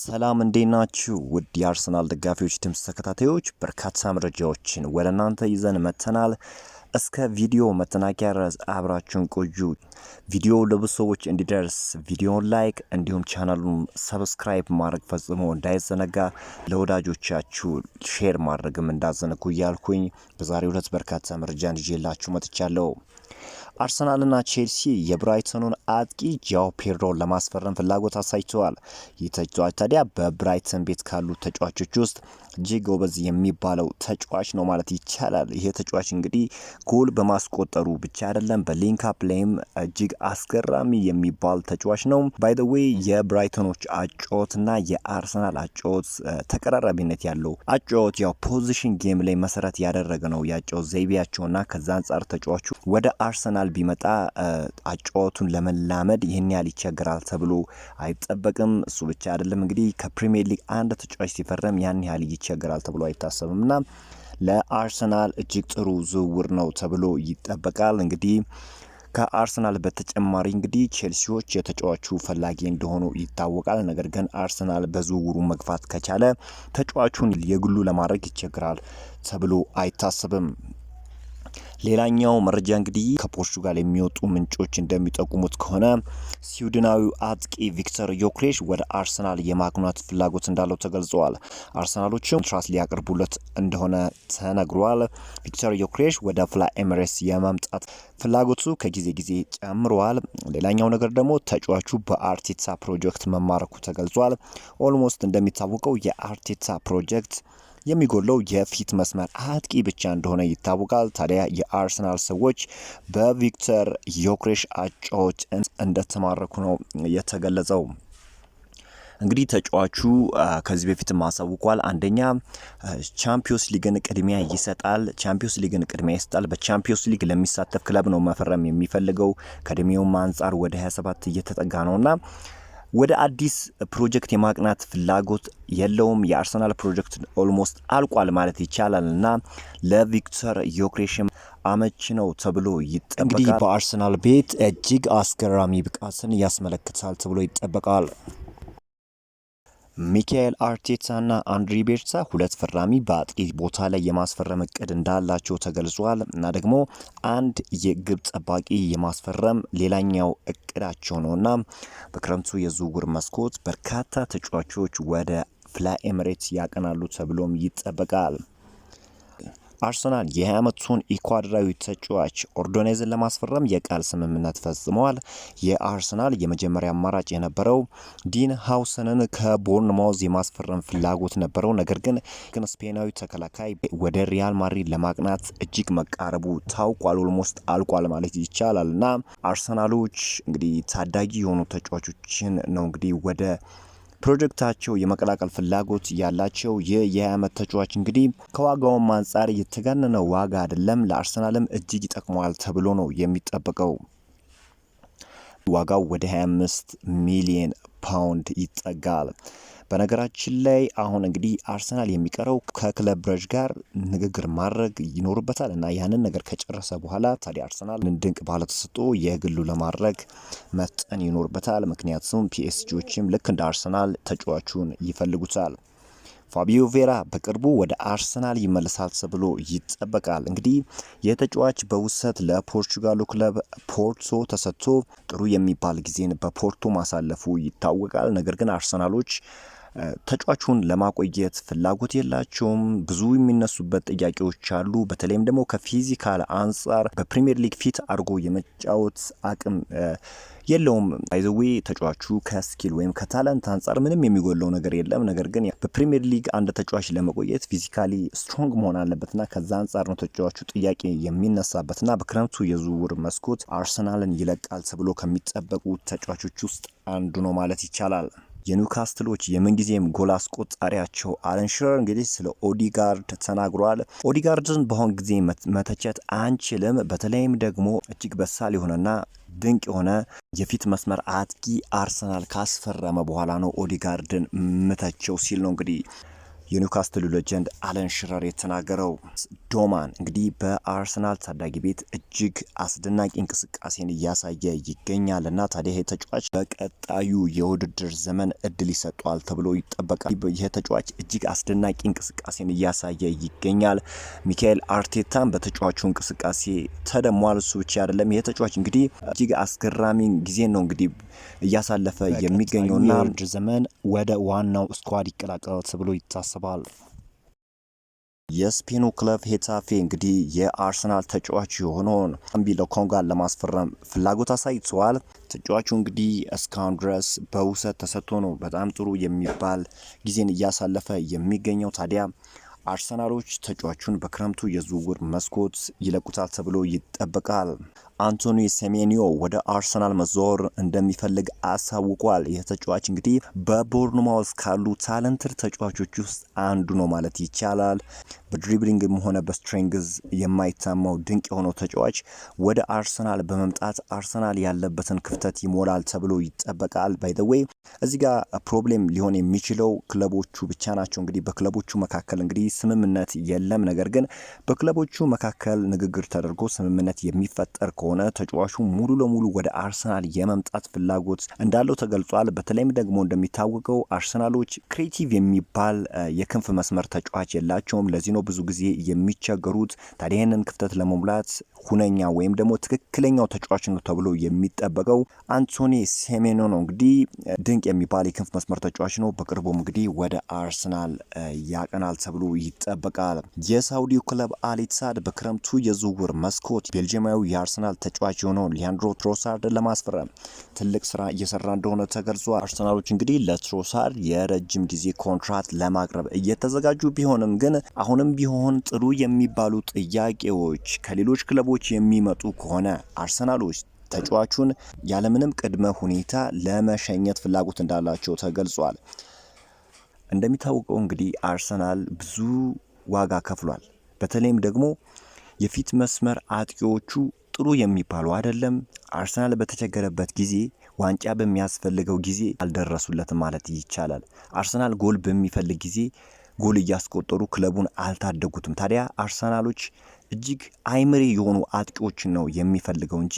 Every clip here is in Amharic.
ሰላም እንዴት ናችሁ? ውድ የአርሰናል ደጋፊዎች ድምፅ ተከታታዮች፣ በርካታ መረጃዎችን ወደ እናንተ ይዘን መጥተናል። እስከ ቪዲዮ መጠናቂያ ድረስ አብራችሁን ቆዩ። ቪዲዮ ለብዙ ሰዎች እንዲደርስ ቪዲዮን ላይክ እንዲሁም ቻናሉን ሰብስክራይብ ማድረግ ፈጽሞ እንዳይዘነጋ፣ ለወዳጆቻችሁ ሼር ማድረግም እንዳዘነጉ እያልኩኝ በዛሬ ሁለት በርካታ መረጃ ይዤላችሁ መጥቻለሁ። አርሰናልና ቼልሲ የብራይተኑን አጥቂ ጃው ፔድሮ ለማስፈረም ፍላጎት አሳይተዋል። ይህ ተጫዋች ታዲያ በብራይተን ቤት ካሉ ተጫዋቾች ውስጥ እጅግ ጎበዝ የሚባለው ተጫዋች ነው ማለት ይቻላል። ይሄ ተጫዋች እንግዲህ ጎል በማስቆጠሩ ብቻ አይደለም፣ በሊንካፕ ላይም እጅግ አስገራሚ የሚባል ተጫዋች ነው። ባይ ዘ ዌይ የብራይተኖች አጫወትና የአርሰናል አጫወት ተቀራራቢነት ያለው አጮት ያው ፖዚሽን ጌም ላይ መሰረት ያደረገ ነው የአጫወት ዘይቤያቸውና ከዛ አንጻር ተጫዋቹ ወደ አርሰናል ቢመጣ አጫወቱን ለመላመድ ይህን ያህል ይቸገራል ተብሎ አይጠበቅም። እሱ ብቻ አይደለም እንግዲህ ከፕሪሚየር ሊግ አንድ ተጫዋች ሲፈረም ያን ያህል ይቸገራል ተብሎ አይታሰብም ና ለአርሰናል እጅግ ጥሩ ዝውውር ነው ተብሎ ይጠበቃል። እንግዲህ ከአርሰናል በተጨማሪ እንግዲህ ቼልሲዎች የተጫዋቹ ፈላጊ እንደሆኑ ይታወቃል። ነገር ግን አርሰናል በዝውውሩ መግፋት ከቻለ ተጫዋቹን የግሉ ለማድረግ ይቸግራል ተብሎ አይታሰብም። ሌላኛው መረጃ እንግዲህ ከፖርቹጋል የሚወጡ ምንጮች እንደሚጠቁሙት ከሆነ ስዊድናዊው አጥቂ ቪክተር ዮክሬሽ ወደ አርሰናል የማግኗት ፍላጎት እንዳለው ተገልጸዋል። አርሰናሎችም ኮንትራት ሊያቀርቡለት እንደሆነ ተነግሯል። ቪክተር ዮክሬሽ ወደ ፍላ ኤምሬስ የማምጣት ፍላጎቱ ከጊዜ ጊዜ ጨምረዋል። ሌላኛው ነገር ደግሞ ተጫዋቹ በአርቴታ ፕሮጀክት መማረኩ ተገልጿል። ኦልሞስት እንደሚታወቀው የአርቴታ ፕሮጀክት የሚጎለው የፊት መስመር አጥቂ ብቻ እንደሆነ ይታወቃል። ታዲያ የአርሰናል ሰዎች በቪክተር ዮክሬሽ አጫዎች እንደተማረኩ ነው የተገለጸው። እንግዲህ ተጫዋቹ ከዚህ በፊትም ማሳውቋል። አንደኛ ቻምፒዮንስ ሊግን ቅድሚያ ይሰጣል። ቻምፒዮንስ ሊግን ቅድሚያ ይሰጣል። በቻምፒዮንስ ሊግ ለሚሳተፍ ክለብ ነው መፈረም የሚፈልገው። ከእድሜውም አንጻር ወደ 27 እየተጠጋ ነውና ወደ አዲስ ፕሮጀክት የማቅናት ፍላጎት የለውም። የአርሰናል ፕሮጀክት ኦልሞስት አልቋል ማለት ይቻላል እና ለቪክተር ዮክሬሽም አመች ነው ተብሎ ይጠበቃል። እንግዲህ በአርሰናል ቤት እጅግ አስገራሚ ብቃትን ያስመለክታል ተብሎ ይጠበቃል። ሚካኤል አርቴታና አንድሪ ቤርታ ሁለት ፈራሚ በአጥቂ ቦታ ላይ የማስፈረም እቅድ እንዳላቸው ተገልጿል እና ደግሞ አንድ የግብ ጠባቂ የማስፈረም ሌላኛው እቅዳቸው ነውና በክረምቱ የዝውውር መስኮት በርካታ ተጫዋቾች ወደ ፍላይ ያቀናሉ ተብሎም ይጠበቃል። አርሰናል የዓመቱን ኢኳድራዊ ተጫዋች ኦርዶኔዝን ለማስፈረም የቃል ስምምነት ፈጽመዋል። የአርሰናል የመጀመሪያ አማራጭ የነበረው ዲን ሃውሰንን ከቦርንማውዝ የማስፈረም ፍላጎት ነበረው። ነገር ግን ግን ስፔናዊ ተከላካይ ወደ ሪያል ማድሪድ ለማቅናት እጅግ መቃረቡ ታውቋል። ኦልሞስት አልቋል ማለት ይቻላል እና አርሰናሎች እንግዲህ ታዳጊ የሆኑ ተጫዋቾችን ነው እንግዲህ ወደ ፕሮጀክታቸው የመቀላቀል ፍላጎት ያላቸው ይህ የ20 ዓመት ተጫዋች እንግዲህ ከዋጋውም አንጻር የተጋነነ ዋጋ አይደለም፣ ለአርሰናልም እጅግ ይጠቅመዋል ተብሎ ነው የሚጠበቀው። ዋጋው ወደ 25 ሚሊየን ፓውንድ ይጠጋል። በነገራችን ላይ አሁን እንግዲህ አርሰናል የሚቀረው ከክለብ ብረጅ ጋር ንግግር ማድረግ ይኖርበታል እና ያንን ነገር ከጨረሰ በኋላ ታዲያ አርሰናል ድንቅ ባለ ተሰጥኦ የግሉ ለማድረግ መፍጠን ይኖርበታል። ምክንያቱም ፒኤስጂዎችም ልክ እንደ አርሰናል ተጫዋቹን ይፈልጉታል። ፋቢዮ ቬራ በቅርቡ ወደ አርሰናል ይመለሳል ተብሎ ይጠበቃል። እንግዲህ የተጫዋች በውሰት ለፖርቹጋሉ ክለብ ፖርቶ ተሰጥቶ ጥሩ የሚባል ጊዜን በፖርቶ ማሳለፉ ይታወቃል። ነገር ግን አርሰናሎች ተጫዋቹን ለማቆየት ፍላጎት የላቸውም። ብዙ የሚነሱበት ጥያቄዎች አሉ። በተለይም ደግሞ ከፊዚካል አንጻር በፕሪሚየር ሊግ ፊት አድርጎ የመጫወት አቅም የለውም። አይዘዌ ተጫዋቹ ከስኪል ወይም ከታለንት አንጻር ምንም የሚጎለው ነገር የለም። ነገር ግን በፕሪሚየር ሊግ አንድ ተጫዋች ለመቆየት ፊዚካሊ ስትሮንግ መሆን አለበትና ከዛ አንጻር ነው ተጫዋቹ ጥያቄ የሚነሳበትና በክረምቱ የዝውውር መስኮት አርሰናልን ይለቃል ተብሎ ከሚጠበቁ ተጫዋቾች ውስጥ አንዱ ነው ማለት ይቻላል። የኒውካስትሎች የምንጊዜም ጎል አስቆጣሪያቸው አለን ሽረር እንግዲህ ስለ ኦዲጋርድ ተናግሯል። ኦዲጋርድን በአሁን ጊዜ መተቸት አንችልም። በተለይም ደግሞ እጅግ በሳል የሆነና ድንቅ የሆነ የፊት መስመር አጥቂ አርሰናል ካስፈረመ በኋላ ነው ኦዲጋርድን ምተቸው ሲል ነው እንግዲህ የኒውካስትሉ ሌጀንድ አለን ሽረር የተናገረው። ዶማን እንግዲህ በአርሰናል ታዳጊ ቤት እጅግ አስደናቂ እንቅስቃሴን እያሳየ ይገኛል እና ታዲያ ይሄ ተጫዋች በቀጣዩ የውድድር ዘመን እድል ይሰጧል ተብሎ ይጠበቃል። ይህ ተጫዋች እጅግ አስደናቂ እንቅስቃሴን እያሳየ ይገኛል። ሚካኤል አርቴታም በተጫዋቹ እንቅስቃሴ ተደሟል። እሱ ብቻ አይደለም። ይሄ ተጫዋች እንግዲህ እጅግ አስገራሚ ጊዜ ነው እንግዲህ እያሳለፈ የሚገኘውና ዘመን ወደ ዋናው ስኳድ ይቀላቀላል ተብሎ ይታሰባል። የስፔኑ ክለብ ሄታፌ እንግዲህ የአርሰናል ተጫዋች የሆነውን አምቢ ሎኮንጋን ለማስፈረም ፍላጎት አሳይተዋል። ተጫዋቹ እንግዲህ እስካሁን ድረስ በውሰት ተሰጥቶ ነው በጣም ጥሩ የሚባል ጊዜን እያሳለፈ የሚገኘው ታዲያ አርሰናሎች ተጫዋቹን በክረምቱ የዝውውር መስኮት ይለቁታል ተብሎ ይጠበቃል። አንቶኒ ሴሜኒዮ ወደ አርሰናል መዞር እንደሚፈልግ አሳውቋል። ይህ ተጫዋች እንግዲህ በቦርንማውዝ ካሉ ታለንትድ ተጫዋቾች ውስጥ አንዱ ነው ማለት ይቻላል። በድሪብሊንግም ሆነ በስትሪንግዝ የማይታማው ድንቅ የሆነው ተጫዋች ወደ አርሰናል በመምጣት አርሰናል ያለበትን ክፍተት ይሞላል ተብሎ ይጠበቃል። ባይዘዌይ እዚህ ጋር ፕሮብሌም ሊሆን የሚችለው ክለቦቹ ብቻ ናቸው። እንግዲህ በክለቦቹ መካከል እንግዲህ ስምምነት የለም። ነገር ግን በክለቦቹ መካከል ንግግር ተደርጎ ስምምነት የሚፈጠር ከሆነ ከሆነ ተጫዋቹ ሙሉ ለሙሉ ወደ አርሰናል የመምጣት ፍላጎት እንዳለው ተገልጿል። በተለይም ደግሞ እንደሚታወቀው አርሰናሎች ክሬቲቭ የሚባል የክንፍ መስመር ተጫዋች የላቸውም። ለዚህ ነው ብዙ ጊዜ የሚቸገሩት። ታዲያ ይህንን ክፍተት ለመሙላት ሁነኛ ወይም ደግሞ ትክክለኛው ተጫዋች ነው ተብሎ የሚጠበቀው አንቶኒ ሴሜኖ ነው። እንግዲህ ድንቅ የሚባል የክንፍ መስመር ተጫዋች ነው። በቅርቡም እንግዲህ ወደ አርሰናል ያቀናል ተብሎ ይጠበቃል። የሳውዲው ክለብ አሊትሳድ በክረምቱ የዝውውር መስኮት ቤልጅማዊ የአርሰናል ተጫዋች የሆነው ሊያንድሮ ትሮሳርድ ለማስፈረም ትልቅ ስራ እየሰራ እንደሆነ ተገልጿል። አርሰናሎች እንግዲህ ለትሮሳርድ የረጅም ጊዜ ኮንትራት ለማቅረብ እየተዘጋጁ ቢሆንም ግን አሁንም ቢሆን ጥሩ የሚባሉ ጥያቄዎች ከሌሎች ክለቦች የሚመጡ ከሆነ አርሰናሎች ተጫዋቹን ያለምንም ቅድመ ሁኔታ ለመሸኘት ፍላጎት እንዳላቸው ተገልጿል። እንደሚታወቀው እንግዲህ አርሰናል ብዙ ዋጋ ከፍሏል። በተለይም ደግሞ የፊት መስመር አጥቂዎቹ ጥሩ የሚባሉ አይደለም። አርሰናል በተቸገረበት ጊዜ ዋንጫ በሚያስፈልገው ጊዜ አልደረሱለትም ማለት ይቻላል። አርሰናል ጎል በሚፈልግ ጊዜ ጎል እያስቆጠሩ ክለቡን አልታደጉትም። ታዲያ አርሰናሎች እጅግ አይምሬ የሆኑ አጥቂዎችን ነው የሚፈልገው እንጂ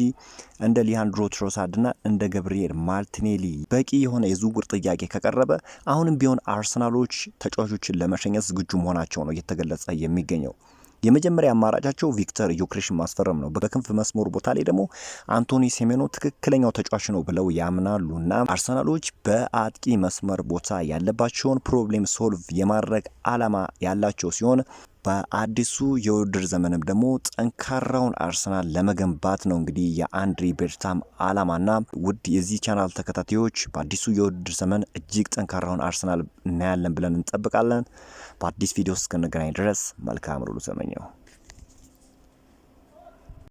እንደ ሊያንድሮ ትሮሳድና እንደ ገብርኤል ማርቲኔሊ በቂ የሆነ የዝውውር ጥያቄ ከቀረበ አሁንም ቢሆን አርሰናሎች ተጫዋቾችን ለመሸኘት ዝግጁ መሆናቸው ነው እየተገለጸ የሚገኘው። የመጀመሪያ አማራጫቸው ቪክተር ዩክሬሽን ማስፈረም ነው። በክንፍ መስመሩ ቦታ ላይ ደግሞ አንቶኒ ሴሜኖ ትክክለኛው ተጫዋች ነው ብለው ያምናሉ እና አርሰናሎች በአጥቂ መስመር ቦታ ያለባቸውን ፕሮብሌም ሶልቭ የማድረግ አላማ ያላቸው ሲሆን በአዲሱ የውድድር ዘመንም ደግሞ ጠንካራውን አርሰናል ለመገንባት ነው እንግዲህ የአንድሪ ቤርታም አላማና። ውድ የዚህ ቻናል ተከታታዮች በአዲሱ የውድድር ዘመን እጅግ ጠንካራውን አርሰናል እናያለን ብለን እንጠብቃለን። በአዲስ ቪዲዮ እስክንገናኝ ድረስ መልካም ሩሉ ተመኘው።